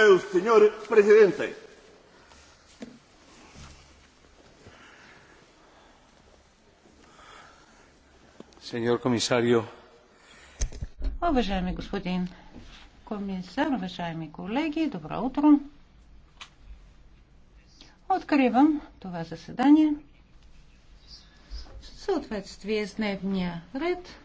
el señor presidente. Señor комисарио. Уважаеми господин комисар, уважаеми колеги, добро утро. Откривам това заседание в съответствие с дневния ред.